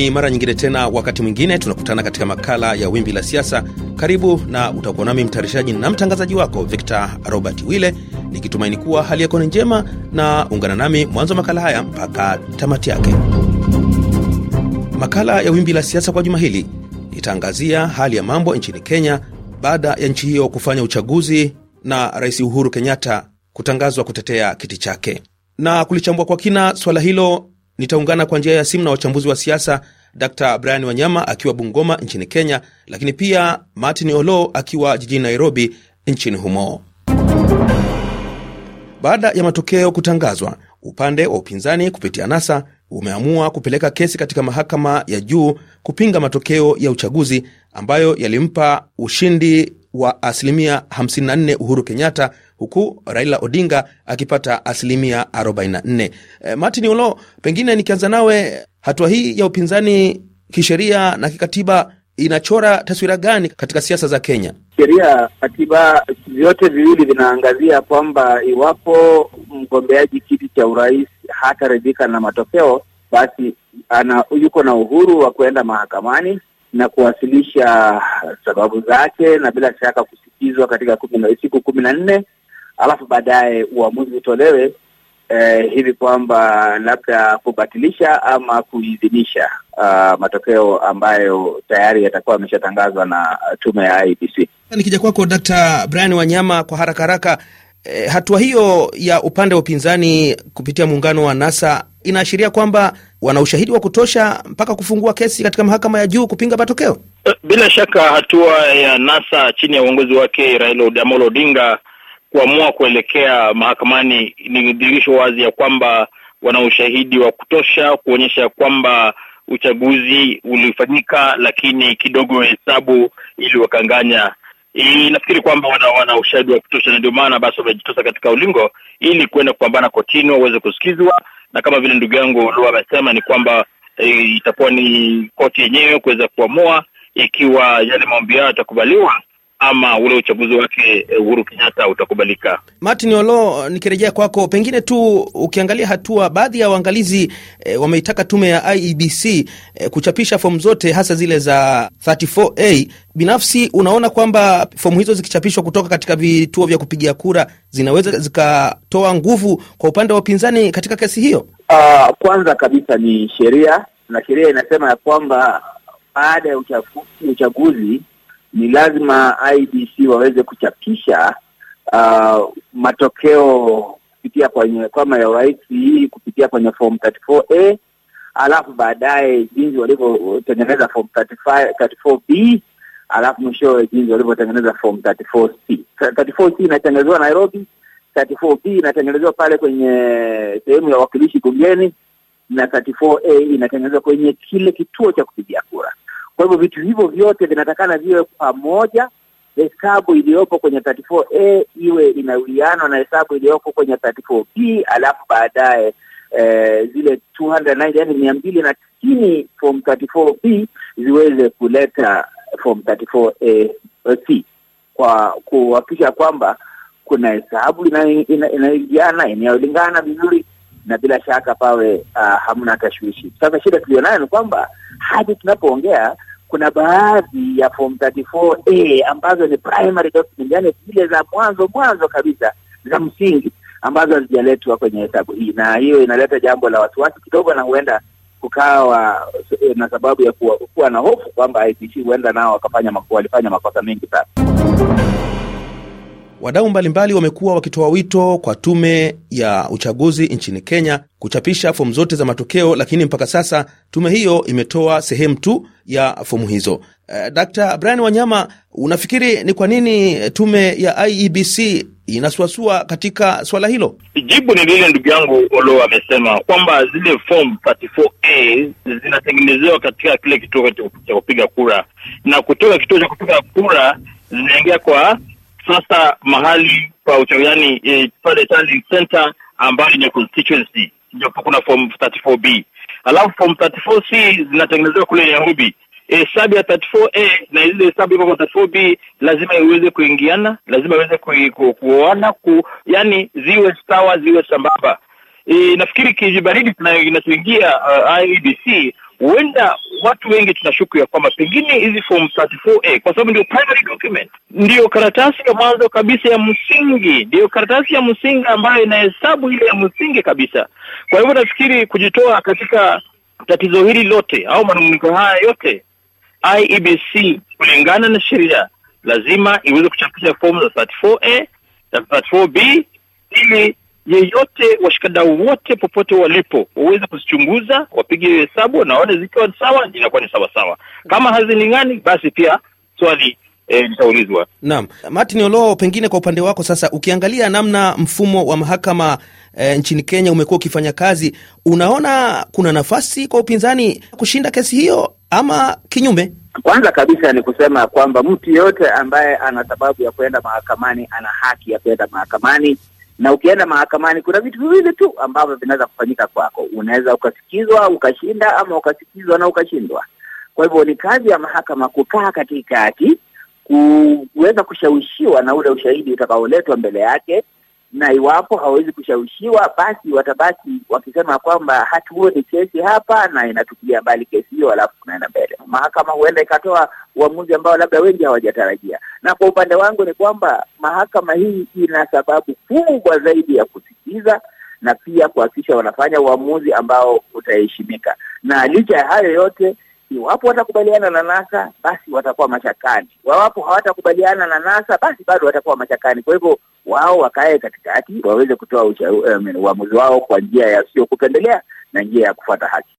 Ni mara nyingine tena, wakati mwingine tunakutana katika makala ya Wimbi la Siasa. Karibu na utakuwa nami mtayarishaji na mtangazaji wako Victor Robert Wille, nikitumaini kuwa hali yako ni njema, na ungana nami mwanzo wa makala haya mpaka tamati yake. Makala ya Wimbi la Siasa kwa juma hili itaangazia hali ya mambo nchini Kenya baada ya nchi hiyo kufanya uchaguzi na Rais Uhuru Kenyatta kutangazwa kutetea kiti chake na kulichambua kwa kina swala hilo Nitaungana kwa njia ya simu na wachambuzi wa siasa Dr Brian Wanyama akiwa Bungoma nchini Kenya, lakini pia Martin Olo akiwa jijini Nairobi nchini humo. Baada ya matokeo kutangazwa, upande wa upinzani kupitia NASA umeamua kupeleka kesi katika mahakama ya juu kupinga matokeo ya uchaguzi ambayo yalimpa ushindi wa asilimia 54 Uhuru Kenyatta, huku Raila Odinga akipata asilimia 44. E, eh, Martin Olo, pengine nikianza nawe, hatua hii ya upinzani kisheria na kikatiba inachora taswira gani katika siasa za Kenya? Sheria, katiba, vyote viwili vinaangazia kwamba iwapo mgombeaji kiti cha urais hataridhika na matokeo, basi ana yuko na uhuru wa kuenda mahakamani na kuwasilisha sababu zake na bila shaka kusikizwa katika siku kumi na nne alafu baadaye uamuzi utolewe eh, hivi kwamba labda kubatilisha ama kuidhinisha uh, matokeo ambayo tayari yatakuwa yameshatangazwa na tume ya IBC. E nikija kwako Dkt. Brian Wanyama, kwa haraka haraka, eh, hatua hiyo ya upande wa upinzani kupitia muungano wa NASA inaashiria kwamba wana ushahidi wa kutosha mpaka kufungua kesi katika mahakama ya juu kupinga matokeo. Eh, bila shaka hatua ya NASA chini ya uongozi wake Raila Amolo Odinga kuamua kuelekea mahakamani ni dhihirisho wazi ya kwamba wana ushahidi wa kutosha kuonyesha kwamba uchaguzi ulifanyika, lakini kidogo hesabu ili wakanganya. Nafikiri kwamba wana, wana ushahidi wa kutosha, na ndio maana basi wamejitosa katika ulingo ili kuenda kupambana kotini, waweze kusikizwa na kama vile ndugu yangu Lu amesema ni kwamba e, itakuwa ni koti yenyewe kuweza kuamua ikiwa yale maombi yao yatakubaliwa ama ule uchaguzi wake eh, Uhuru Kenyatta utakubalika. Martin Olo, nikirejea kwako, pengine tu ukiangalia hatua, baadhi ya waangalizi e, wameitaka tume ya IEBC e, eh, kuchapisha fomu zote hasa zile za 34A. Binafsi unaona kwamba fomu hizo zikichapishwa kutoka katika vituo vya kupigia kura zinaweza zikatoa nguvu kwa upande wa upinzani katika kesi hiyo? Uh, kwanza kabisa ni sheria na sheria inasema ya kwamba baada ya uchaguzi ni lazima IBC waweze kuchapisha uh, matokeo kupitia kwenye kama ya urais hii kupitia kwenye form 34A alafu baadaye jinsi walivyotengeneza form 35, 34B alafu mwishowe jinsi walivyotengeneza form 34C. 34C inatengenezwa Nairobi, 34B inatengenezwa pale kwenye sehemu ya wakilishi bungeni na 34A inatengenezwa kwenye kile kituo cha kupigia kura. Kwa hivyo vitu hivyo vyote vinatakana viwe pamoja, hesabu iliyopo kwenye 34A iwe inawiana na hesabu iliyopo kwenye 34B, alafu baadaye eh, zile 290 yani mia mbili na tisini form 34B ziweze kuleta form 34AC eh, kwa kuhakikisha kwamba kuna hesabu inayoingiana inayolingana vizuri na bila shaka pawe uh, hamna tashwishi. Sasa shida tuliyonayo ni kwamba hadi tunapoongea kuna baadhi ya form 34A ambazo ni primary document, yani zile za mwanzo mwanzo kabisa za msingi ambazo hazijaletwa kwenye hesabu hii, na hiyo inaleta jambo la wasiwasi kidogo, na huenda kukawa eh, na sababu ya kuwa, kuwa na hofu kwamba ICC huenda nao wakafanya walifanya makosa mengi sana. Wadau mbalimbali wamekuwa wakitoa wito kwa tume ya uchaguzi nchini Kenya kuchapisha fomu zote za matokeo, lakini mpaka sasa tume hiyo imetoa sehemu tu ya fomu hizo. Eh, Dr. Brian Wanyama, unafikiri ni kwa nini tume ya IEBC inasuasua katika swala hilo? Jibu ni lile ndugu yangu Olo amesema kwamba zile form 34A zinatengenezewa katika kile kituo cha kupiga kura na kutoka kituo cha kupiga kura zinaingia kwa sasa mahali pa uchawiani eh, pale tali Center ambayo ni constituency, japo kuna form 34B alafu form 34C zinatengenezewa kule Nairobi. Hesabu eh, ya 34A na ile hesabu ya 34B lazima iweze kuingiana, lazima iweze ku, kuoana ku, yani ziwe sawa, ziwe sambamba. E, nafikiri kijibaridi inachoingia uh, eh, IEBC huenda watu wengi tunashuku ya kwamba pengine hizi form 34A kwa sababu ndio primary document, ndiyo karatasi ya mwanzo kabisa ya msingi, ndiyo karatasi ya msingi ambayo inahesabu ile ya msingi kabisa. Kwa hivyo nafikiri kujitoa katika tatizo hili lote au manunguniko haya yote, IEBC kulingana na sheria lazima iweze kuchapisha form za 34A na 34B ili yeyote, washikadau wote popote walipo, waweze kuzichunguza, wapige hiyo hesabu, wanaone zikiwa sawa, inakuwa ni sawasawa. Kama hazilingani, basi pia swali eh, litaulizwa. E, naam. Martin olo pengine kwa upande wako sasa, ukiangalia namna mfumo wa mahakama e, nchini Kenya umekuwa ukifanya kazi, unaona kuna nafasi kwa upinzani kushinda kesi hiyo ama kinyume? Kwanza kabisa ni kusema kwamba mtu yeyote ambaye ana sababu ya kuenda mahakamani ana haki ya kuenda mahakamani na ukienda mahakamani, kuna vitu viwili tu ambavyo vinaweza kufanyika kwako. Unaweza ukasikizwa ukashinda, ama ukasikizwa na ukashindwa. Kwa hivyo ni kazi ya mahakama kukaa katikati, kuweza kushawishiwa na ule ushahidi utakaoletwa mbele yake na iwapo hawawezi kushawishiwa, basi watabaki wakisema kwamba hatuoni kesi hapa, na inatupilia mbali kesi hiyo, alafu tunaenda mbele. Mahakama huenda ikatoa uamuzi ambao labda wengi hawajatarajia, na kwa upande wangu ni kwamba mahakama hii ina sababu kubwa zaidi ya kusikiza na pia kuhakikisha wanafanya uamuzi ambao utaheshimika, na licha ya hayo yote Iwapo watakubaliana na NASA basi watakuwa mashakani, wawapo hawatakubaliana na NASA basi bado watakuwa mashakani. Kwa hivyo wao wakae katikati, waweze kutoa eh, uamuzi um, wao kwa njia ya sio kupendelea na njia ya kufuata haki.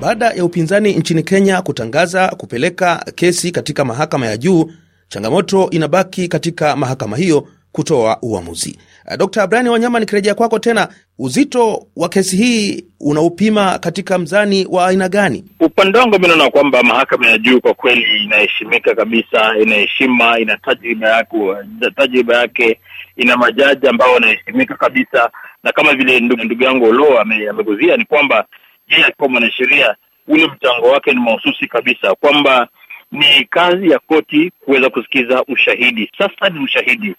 Baada ya upinzani nchini Kenya kutangaza kupeleka kesi katika mahakama ya juu, changamoto inabaki katika mahakama hiyo kutoa uamuzi. Eh, Dkt. Abrani Wanyama, nikirejea kwako tena, uzito wa kesi hii unaupima katika mzani wa aina gani? Upande wangu mi naona kwamba mahakama ya juu kwa kweli inaheshimika kabisa, inaheshima, ina tajriba yake, tajriba yake, ina majaji ambao wanaheshimika kabisa, na kama vile ndugu yangu Olo ameguzia ni kwamba yeye akiwa mwanasheria ule mchango wake ni mahususi kabisa, kwamba ni kazi ya koti kuweza kusikiza ushahidi. Sasa ni ushahidi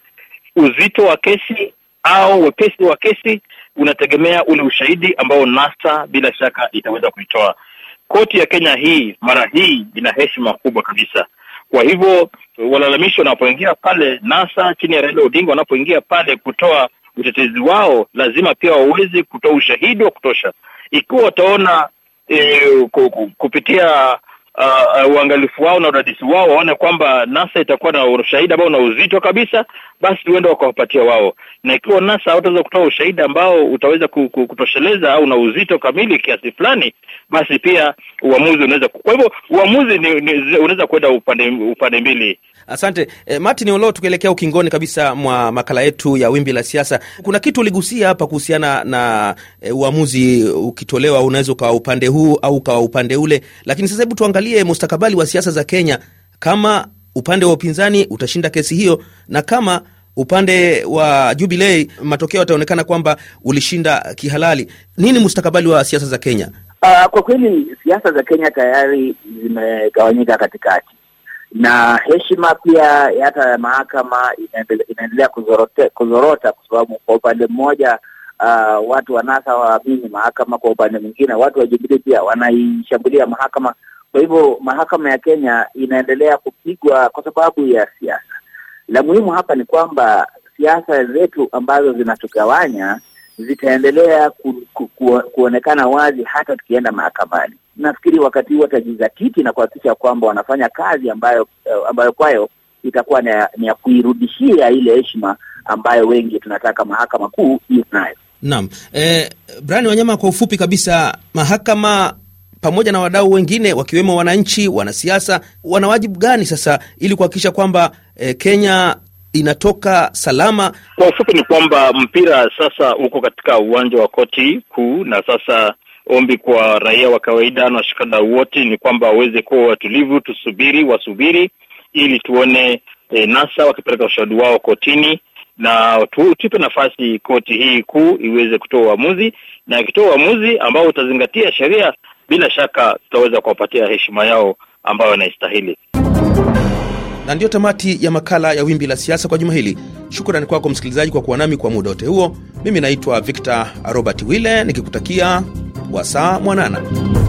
uzito wa kesi au wepesi wa kesi unategemea ule ushahidi ambao NASA bila shaka itaweza kuitoa. Koti ya Kenya hii mara hii ina heshima kubwa kabisa. Kwa hivyo walalamishi wanapoingia pale NASA chini ya Raila Odinga, wanapoingia pale kutoa utetezi wao, lazima pia waweze kutoa ushahidi wa kutosha. Ikiwa wataona e, kupitia Uh, uh, uangalifu wao na udadisi wao waone kwamba NASA itakuwa na ushahidi ambao una uzito kabisa, basi huenda wakawapatia wao, na ikiwa NASA hawataweza kutoa ushahidi ambao utaweza kutosheleza au na uzito kamili kiasi fulani, basi pia uamuzi unaweza. Kwa hivyo uamuzi unaweza kuenda upande upande mbili. Asante e, Martin Olo, tukielekea ukingoni kabisa mwa makala yetu ya wimbi la siasa, kuna kitu uligusia hapa kuhusiana na e, uamuzi ukitolewa unaweza ukawa upande huu au ukawa upande ule, lakini sasa hebu tuangalie mustakabali wa siasa za Kenya kama upande wa upinzani utashinda kesi hiyo na kama upande wa Jubilei matokeo yataonekana kwamba ulishinda kihalali. Nini mustakabali wa siasa za Kenya? Uh, kwa kweli siasa za Kenya tayari zimegawanyika katikati na heshima pia hata ya mahakama inaendelea kuzorota, kwa sababu kwa upande mmoja uh, watu wa NASA hawaamini mahakama, kwa upande mwingine watu wa jubilii pia wanaishambulia mahakama. Kwa hivyo mahakama ya Kenya inaendelea kupigwa kwa sababu ya siasa. La muhimu hapa ni kwamba siasa zetu ambazo zinatugawanya zitaendelea ku, ku, ku, kuonekana wazi hata tukienda mahakamani nafikiri wakati huu atajizatiti na kuhakikisha kwamba wanafanya kazi ambayo eh, ambayo kwayo itakuwa ni ya kuirudishia ile heshima ambayo wengi tunataka mahakama kuu iwe nayo. Naam. Eh, brani Wanyama, kwa ufupi kabisa, mahakama pamoja na wadau wengine wakiwemo wananchi, wanasiasa, wana wajibu gani sasa ili kuhakikisha kwamba eh, Kenya inatoka salama? Kwa ufupi ni kwamba mpira sasa uko katika uwanja wa koti kuu, na sasa ombi kwa raia wa kawaida na washikadau wote ni kwamba waweze kuwa watulivu, tusubiri, wasubiri ili tuone e, NASA wakipeleka ushahudi wao kotini, na tupe nafasi koti hii kuu iweze kutoa uamuzi, na ikitoa uamuzi ambao utazingatia sheria, bila shaka tutaweza kuwapatia heshima yao ambayo wanaistahili. Na ndiyo tamati ya makala ya Wimbi la Siasa kwa juma hili. Shukrani kwako msikilizaji kwa kuwa nami kwa muda wote huo. Mimi naitwa Victor Robert Wille nikikutakia wa saa mwanana.